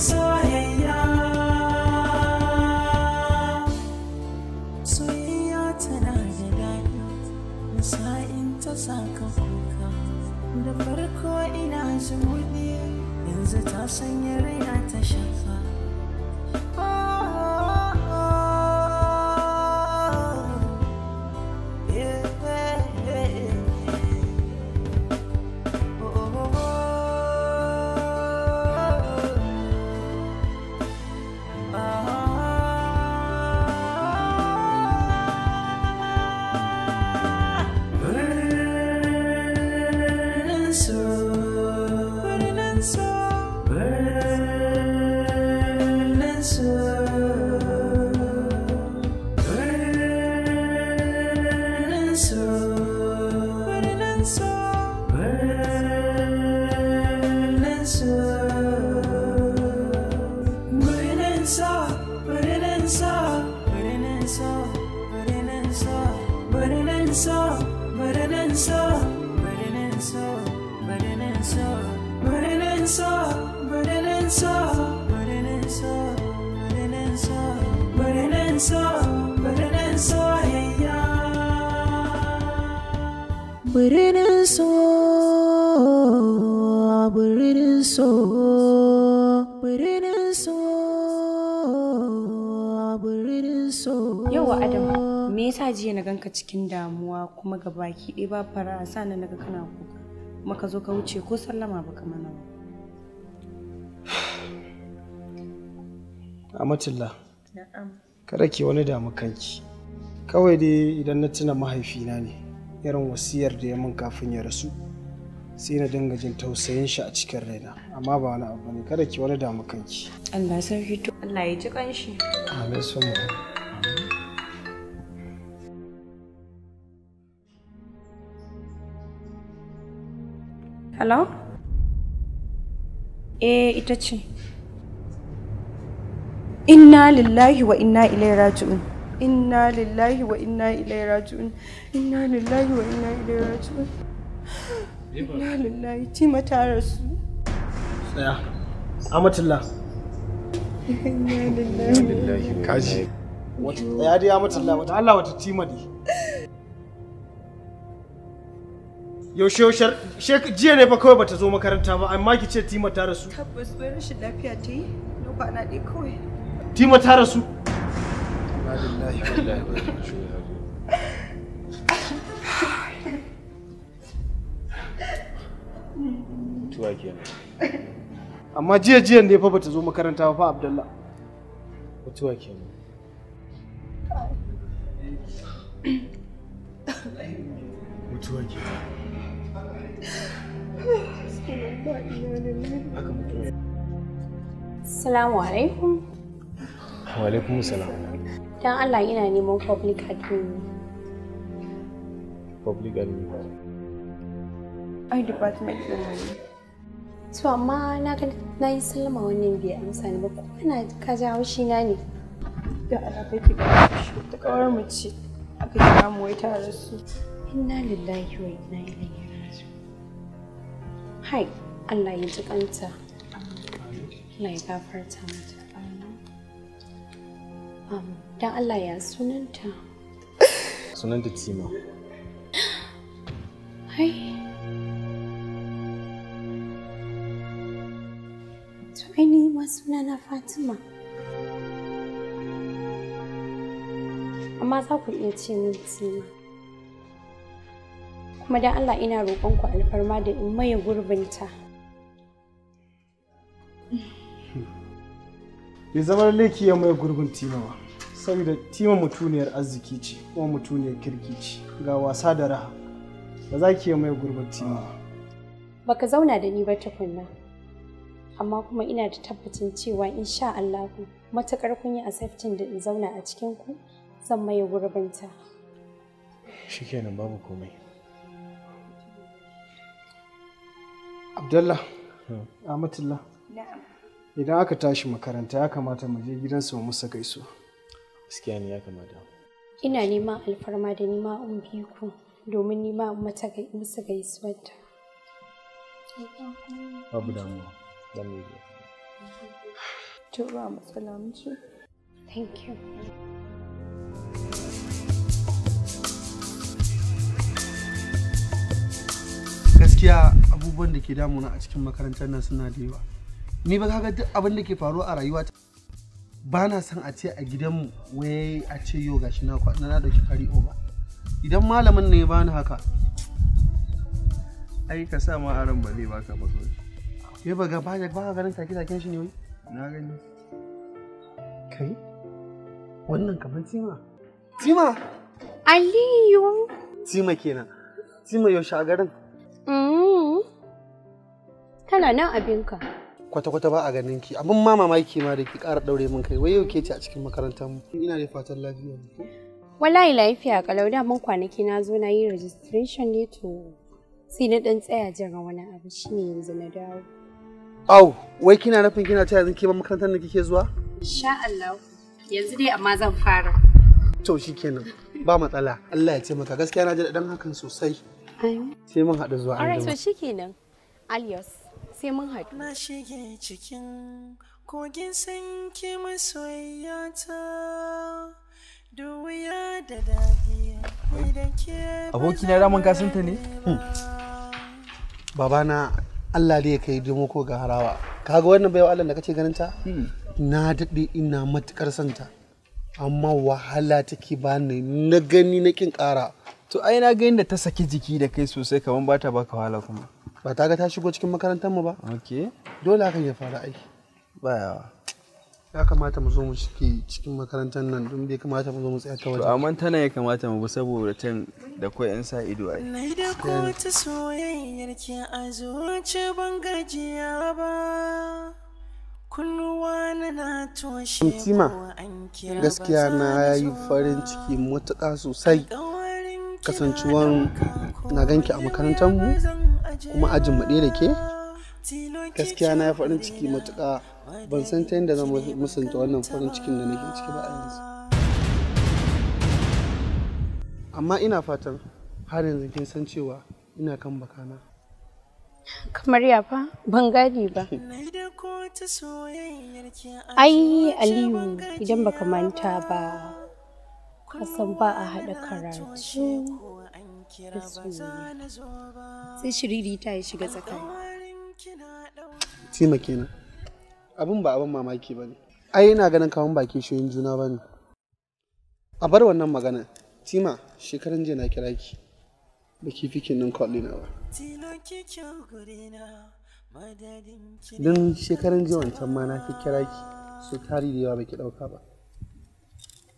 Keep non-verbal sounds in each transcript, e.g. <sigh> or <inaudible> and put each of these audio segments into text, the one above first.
so so so adama me yasa jiya na ganka cikin damuwa kuma ga baki ɗaya ba fara sana naga kana kuka kuma ka zo ka wuce ko sallama ba mana ba <sighs> Amatullah kada ke wani damu kanki kawai dai idan na tuna mahaifina ne irin wasiyar da ya min kafin ya rasu sai na dinga jin tausayin shi a cikin raina amma ba wani abu ne kada ki wani damu kanki Allah sarki to Allah ya ji kanshi amin so mu Hello? Eh, ita ce. Inna lillahi wa inna ilaihi raji'un. Inna lillahi wa inna ilaihi raji'un. Inna lillahi wa inna ilaihi raji'un. Inna lillahi ci mata Tsaya. Kaji. dai wata Allah wata tima dai. Yaushe yaushe jiya ne fa kawai bata zo makaranta ba amma ki ce tima ta rasu. Tabbas bai rashin lafiya ta yi na kwana ɗaya kawai. Tima ta rasu. mutuwa kenan amma jiya jiyan ne fa bata zo makaranta fa abdullah mutuwa kenan mutuwa kenan Salamu alaikum. Wa alaikum salam. Dan Allah ina neman public admin. Public Ai department to amma na ga na yi sallama wannan bai amsa ni ba kuma na ka ja haushi na ne da alaƙa ke da shi ta kawar mace aka kira mu wai ta rasu inna lillahi wa inna ilaihi raji'un hai Allah ya ji kanta Allah ya gafarta mata dan Allah ya sunanta sunanta Tima hai ainihin masu nana Fatima. Amma za ku iya ce min Tima. Kuma don Allah ina roƙonku alfarma da in maye gurbinta. Bai zama laiki ya maye gurbin Tima ba, saboda Tima mutuniyar arziki ce kuma mutuniyar kirki ce ga wasa da raha. Ba za ki iya maye gurbin Tima ba. Baka zauna da ni ba tukunna. amma kuma ina da tabbacin cewa insha Allahu matakar kun yi accepting da in zauna a cikin ku zan maye gurbinta shikenan babu komai Abdullah hmm. Amatullah na'am idan aka tashi makaranta ya kamata mu je gidansu mu musa gaisu gaskiya ne ya kamata ina neman alfarma da nima in biyu ku domin nima mata musa gaisuwarta babu damuwa thank you gaskiya abubuwan da ke damuna a cikin makarantar nan suna da yawa ni ba ga duk abin da ke faruwa a rayuwa ba na san a ce a gidanmu wai a ce yau gashi na kwaɗa na dauki kari ba idan malamin ne ya bani haka ai ka sa ma aron ba zai baka ba ya ba ga baya ba ganin take take shi ne wai na gani kai wannan kaman tima tima aliyu tima kenan tima yaushe a garin Kana mm. nan abinka kwata-kwata ba a ganin ki abin ma mamaki ma da ki ƙara ɗaure min kai wai yau ke ce a cikin makarantar mu ina da fatan lafiya wallahi lafiya kalau da mun kwanaki na zo na yi registration ne to sai na ɗan tsaya jira wani abu shine yanzu na dawo Au, wai kina nufin kina cewa yanzu ke ba makarantar da kike zuwa? Insha Allah. Yanzu dai amma zan fara. To shikenan. Ba matsala. Allah ya taimaka. Gaskiya na ji daɗin hakan sosai. Sai mun haɗu zuwa anjima. Alright, to shikenan. Alios, sai mun haɗu. Na shige cikin kogin sanki masoyiya ta. Duwuya da dadiya. Abokina daman kasanta ne? Babana Allah dai kai dimo ko ga harawa kaga wannan baiwa Allah da kace ganin ta hmm. na daɗe ina matukar santa amma wahala take bani na gani na kin kara. to ai na ga da ta saki jiki da kai sosai kaman ba ta baka wahala kuma ba ta ga ta shigo cikin makarantar mu ba okay dole hakan ya fara aiki ba yawa ya kamata mu zo mu ciki cikin makarantar nan don bai kamata mu zo mu tsaya ta waje amma ta nan ya kamata mu bi saboda can da kwai yan sa ido ai nai da ko soyayyar ki a zuci ban gajiya ba na na toshe ko an kira gaskiya na yi farin ciki matuƙa sosai kasancewan na ganki a makarantar mu kuma ajin mu da ke gaskiya na yi farin ciki matuƙa ban san ta yadda zan musanta wannan farin cikin da nake ciki ba a yanzu amma ina fatan har yanzu kin san cewa ina kan bakana kamar ya fa ban gadi ba ai aliyu idan baka manta ba kasan ba a haɗa karatu sai shiriri ta ya shiga tsakani sima kenan abin ba abin mamaki ba ne ai ina ganin kawun baki shoyin juna ba ne a bar wannan magana sima shekarun jiya na kira ki ba ki fi kwalli na ba don shekarun jiya wancan ma na fi kira ki su tari da yawa ba ki ɗauka ba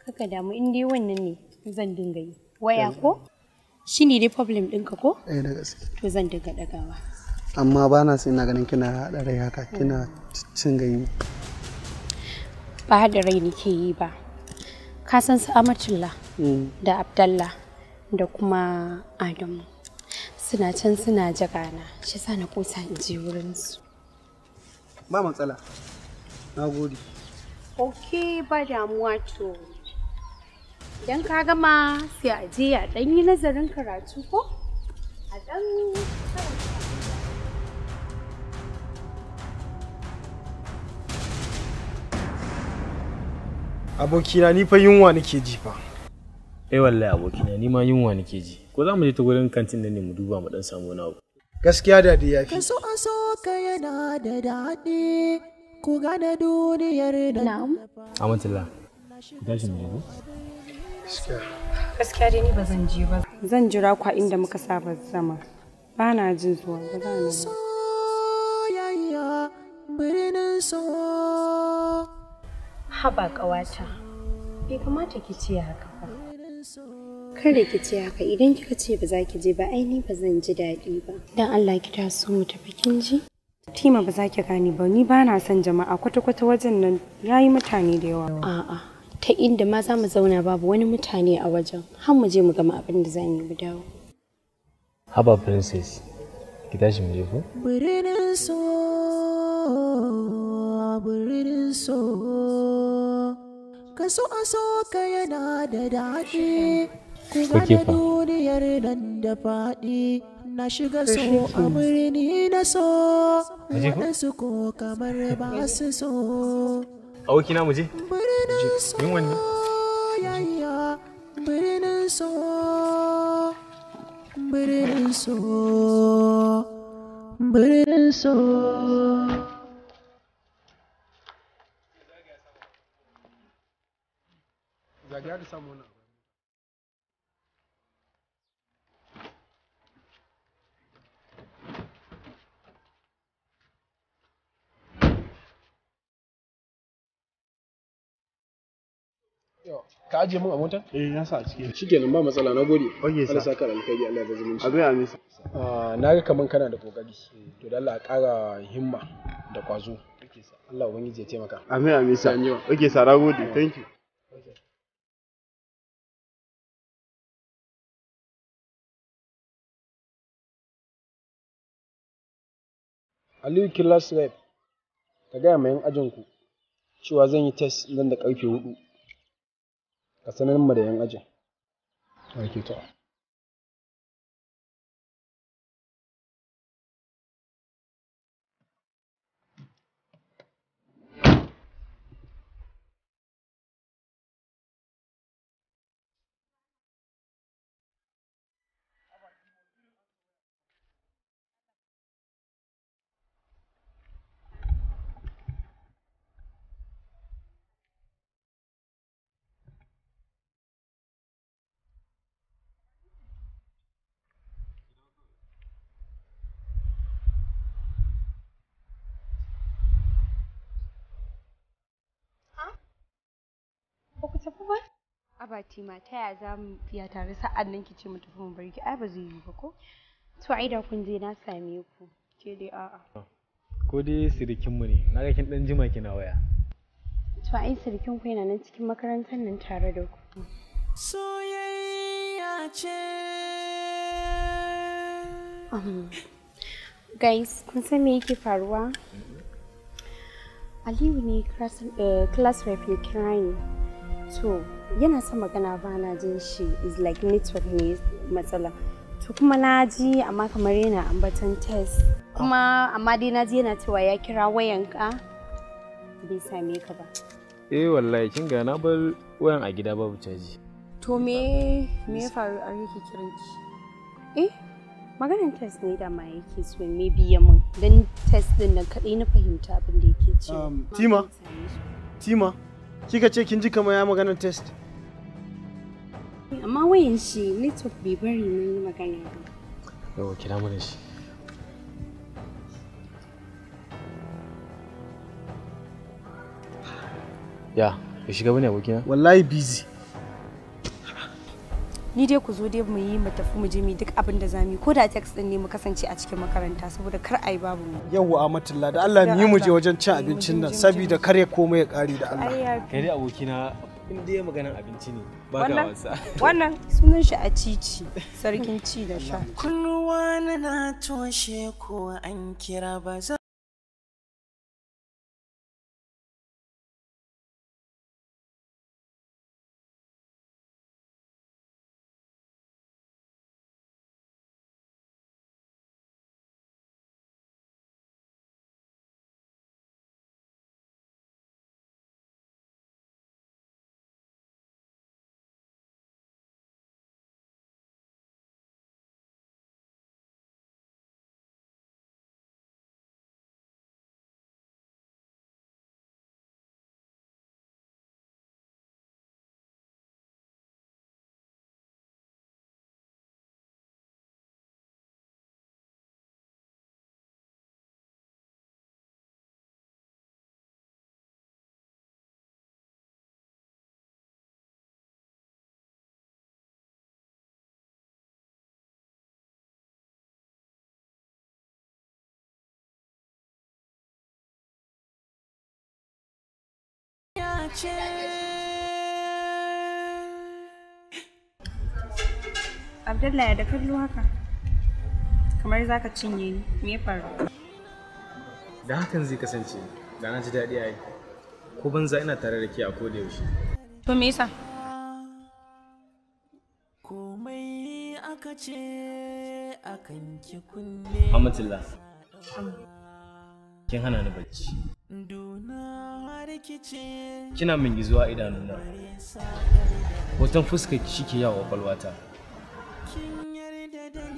kaka damu in dai wannan ne zan dinga yi waya ko shi ne dai problem ɗinka ko? Eh na gaske. To zan dinga ɗagawa. amma ba na ina ganin kina haɗa rai haka kina cin ganye ba haɗa rai nake yi ba ka san su amacilla mm. da abdallah da kuma adamu suna can suna jagana shi sa na kusa in je wurinsu ba matsala na gode ok ba damuwa to idan ka gama sai a je a ɗan yi nazarin karatu ko a ɗan abokina ni fa yunwa nake ji fa eh wallahi abokina ni ma yunwa nake ji ko za mu je ta gurin kantin nan ne mu duba mu dan samu wani abu gaskiya da da yafi kaso a so ka yana da dadi ku gane duniyar da na'am amatullah gashi ne gaskiya gaskiya dai ni ba zan je ba zan jira ku inda muka saba zama ba na jin zuwa ba za na yayya birnin so haba ƙawata bai kamata ki ce haka ba ki ce haka idan kika ce ba za ki je ba aini ba zan ji daɗi ba dan Allah ki taso mu tafi kin ji Tima ba za ki gane ba ni ba na son jama'a kwata-kwata wajen nan yayi mutane da yawa a'a ta inda ma za mu zauna babu wani mutane a wajen har mu je mu gama abin da za mu dawo haba princess ki tashi mu je ko birnin so birnin so ka so aso ka yana da daɗi ku ga duniyar nan da faɗi na shiga so a birni na so su ko kamar ba su so aboki na muje birnin so yaya birnin so but it is so, but it is so. someone. ka ajiye mun a mota? eh na sa a ciki shikenan ba matsala na gode saka alkhairi Allah da zumunci abin amin ah, na ga kaman kana da kokari to da Allah ƙara himma da kwazo Allah ubangiji ya taimaka amin amin sa okay sa na gode thank you Aliyu Killas Rep, ka gaya ma 'yan ajinku cewa zan yi test nan da karfe hudu. ka sanar mu da 'yan ajin. Ok to. abati ma ta yaya za mu tafiya tare sa'an nan ki ce mu tafi mu bar ki ai ba zai yi ba ko to ai da kun je na same ku ke dai a'a ko dai sirikin mu ne na ga kin dan jima kina waya to ai sirikin ku yana nan cikin makarantar nan tare da ku soyayya ce guys kun san me yake faruwa mm-hmm. Aliyu ne eh, class rep ya kira ni to yana son magana ba na jin shi is like network ne matsala to kuma na ji amma kamar yana ambatan test kuma amma dai na ji yana cewa ya kira wayanka bai same ka ba eh wallahi kin ga na bar wayan a gida babu caji to me me faru a yake kiranki eh maganin test ne da ma yake so me biya mun dan test din nan kadai na fahimta abin da yake cewa um, tima tima kika ce kin ji kamar ya maganar test amma wayan shi network bai bari na yi magana ba yawa kira mana shi ya ya shiga bane abokina wallahi busy ni dai ku zo dai mu yi mu tafi mu je mu duk abin da za mu yi ko da text din ne mu kasance a cikin makaranta saboda kar ai babu mu yawwa amatulla da Allah mu mu je wajen cin abincin nan saboda kar ya komai ya kare da Allah kai dai abokina in dai maganar abinci ne ba ga wasa wannan sunan shi a cici sarkin ci da sha kullu na toshe ko an kira ba zance abdullahi da kallo haka kamar za ka cinye ni me faru da hakan zai kasance da na ji daɗi ai. Ko ko banza ina tare da ke a koda yaushe to me yasa komai aka ce akan ki kin hana ni bacci kina min gizuwa idanuna hoton fuskar ki ke yawa kwakwalwata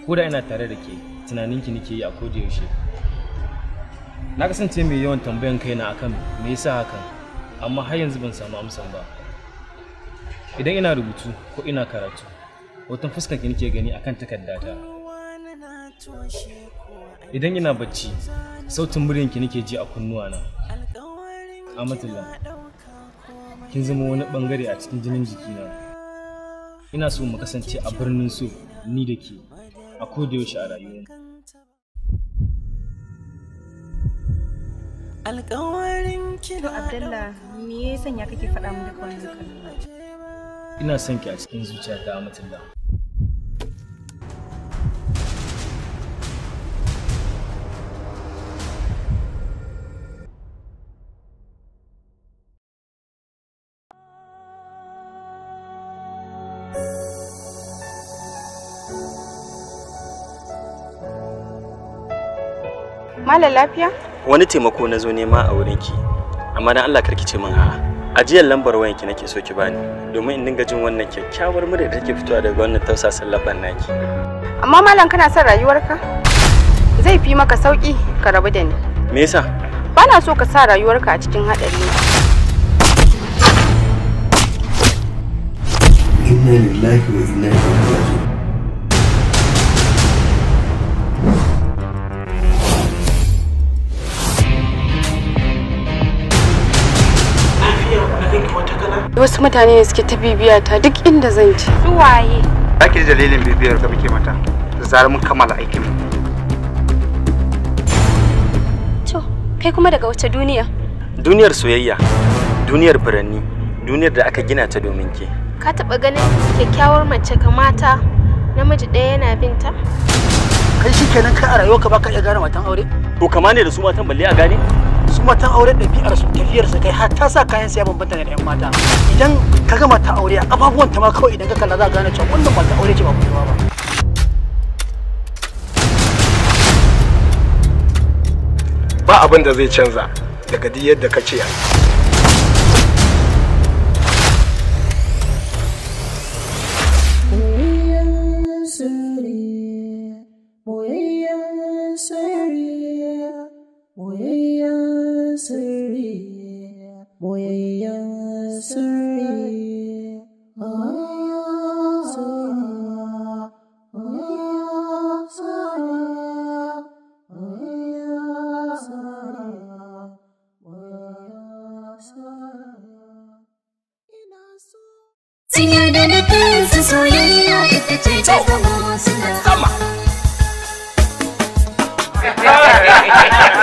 ko da ina tare da ke tunaninki nake yi a koda yaushe na kasance mai yawan tambayan kaina akan me yasa haka amma har yanzu ban samu amsan ba idan ina rubutu ko ina karatu hoton fuskar ki nake gani akan takardata idan ina bacci sautin muryanki nake ji a kunnuwana Amatullah, kin zama wani bangare a cikin jinin jikina. Ina so mu kasance a birnin so ni da ke a yaushe a rayuwa. Alƙawarin kira Abdullah, me ya sanya kake faɗa mu duk wannan kalmomi? Ina son ki a cikin zuciyata Amatullah. Mala lafiya? Wani taimako na zo nema a wurin ki. Amma dan Allah karki ce min a'a. Ajiyar lambar wayan ki nake so ki bani domin in dinga jin wannan kyakkyawar murya da take fitowa daga wannan tausasan labban naki. Amma malam kana son rayuwarka? Zai fi maka sauki ka rabu da ni. Me yasa? Bana so ka sa rayuwarka a cikin haɗari. Inna lillahi wa inna ilaihi raji'un. Wasu mutane ne suke ta bibiya ta duk inda zan ci. Su waye? Zaki ji dalilin bibiyar ka muke mata. Da zarar mun kammala aikin mu. To, kai kuma daga wace duniya? Duniyar soyayya, duniyar furanni, duniyar da aka gina ta domin ke. Ka taɓa ganin kyakkyawar mace kamata namiji ɗaya yana binta? Kai shi kenan ka a rayuwa ka baka iya gane matan aure? to kama ne da su matan balle a gane su matan aure ɗabi'ar su tafiyar su kai har ta sa kayan siya bambanta ne da yan mata idan ka gama ta aure a ababuwan ta ma kawai idan ka kalla za ka gane cewa wannan ta aure ce ba kuma ba ba abin da zai canza daga duk yadda kace yanzu sun yarda da kansu soyayya ita ce ta sama <laughs>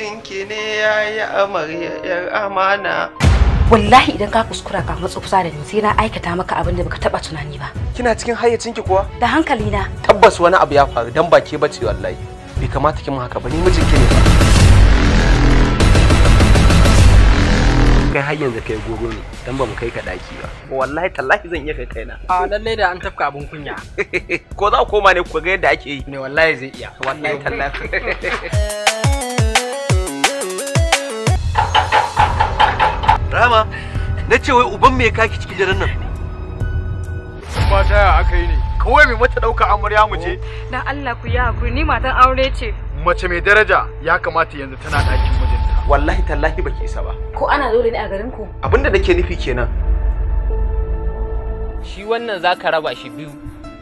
mijinki ne ya yi amarya yar amana wallahi idan ka kuskura ka matsa kusa da ni sai na aikata maka abin da baka taba tunani ba kina cikin hayyacinki kuwa da hankali na tabbas wani abu ya faru dan ba bace wallahi bai kamata ki mun haka ba ni mijinki ne kai har yanzu kai gogo ne dan ba mu kai ka daki ba wallahi tallahi zan iya kai kaina a lalle da an tafka abun kunya <laughs> ko za ku koma ne ku ga yadda ake yi ne wallahi zai iya wallahi tallahi <laughs> Rama, na ce wai uban me ya kaki cikin daren nan? Kuma ta ya aka yi ne? Kawai mai mata ɗauka amarya mu ce? Dan Allah ku ya hakuri ni matan aure ce. Mace mai daraja ya kamata yanzu tana ɗakin mijinta. Wallahi tallahi baki isa ba. Ko ana dole ne a garin ku? Abinda nake nufi kenan. Shi wannan za ka raba shi biyu,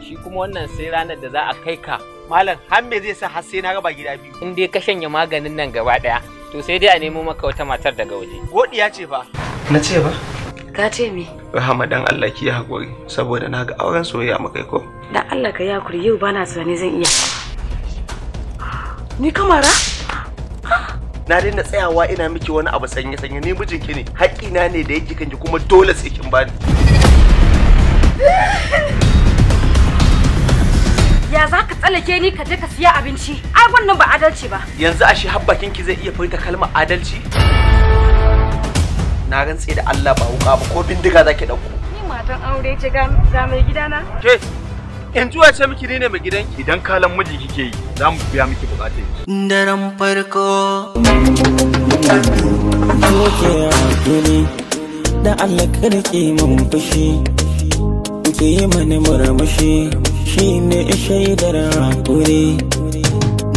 shi kuma wannan sai ranar da za a kai ka. Malam, har me zai sa har sai na raba gida biyu? In dai ka shanye maganin nan gaba ɗaya. to sai dai a nemo maka wata matar daga waje ya ce ba. na ce ba ka ce me rahama dan Allah ki hakuri saboda na ga auren soyayya makai ko dan Allah ka ya hakuri yau bana ne zan iya ni kamara na daina tsayawa ina miki wani abu sanye sanye ni mijinki ne hakina ne da yake kanki kuma dole sai kin bani Ya za ka tsallake ni ka je ka siya abinci? Ai wannan ba adalci ba. Yanzu a shi habbakin ki zai iya furta kalma adalci? Na rantse da Allah ba wuka ba ko bindiga zaki dauko. Ni matan aure ce ga mai gidana. Ke in juwa ce miki ne mai gidanki idan kalan miji kike yi za mu biya miki bukatai. Daren farko. Kuke hakuri da Allah karki mun fushi. Kuke yi mani murmushi. shine shaidar hakuri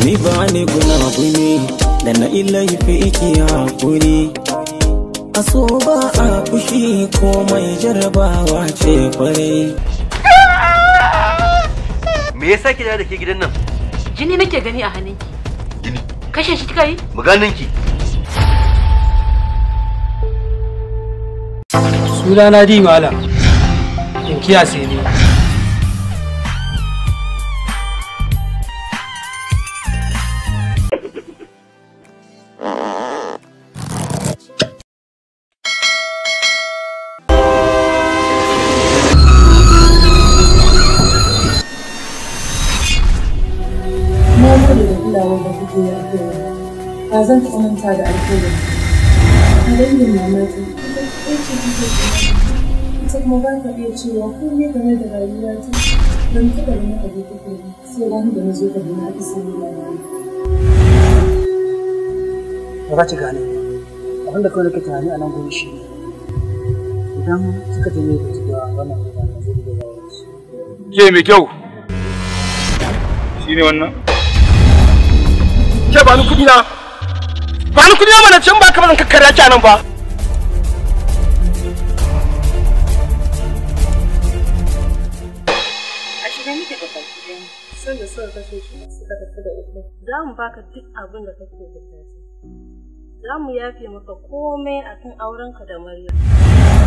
ni ba ni gunabu ne da na ilahi fi iki hakuri a so ba a kushi ko mai jarabawa ce farai me yasa ki da ke gidan nan jini nake gani a hannunki jini kashe shi kika yi maganinki sunana di malam in kiyase ne cewa cewa komai game da rayuwa ta don taɓa wani abu ta ke sai ba da na zo gaba na isa ne da ba za ta gane abinda kawai nake tunani a nan gobe shi ne idan suka ne da cewa wannan abu na zo da rayuwa ke mai kyau ne wannan ke ba ni kuɗi na ba ni kuɗi na mana can ba kamar kakkar yaki a nan ba san da suka kashe shi suka tafi da uku, za mu baka duk abin da kake bukata za mu yafe maka komai akan aurenka da Maryam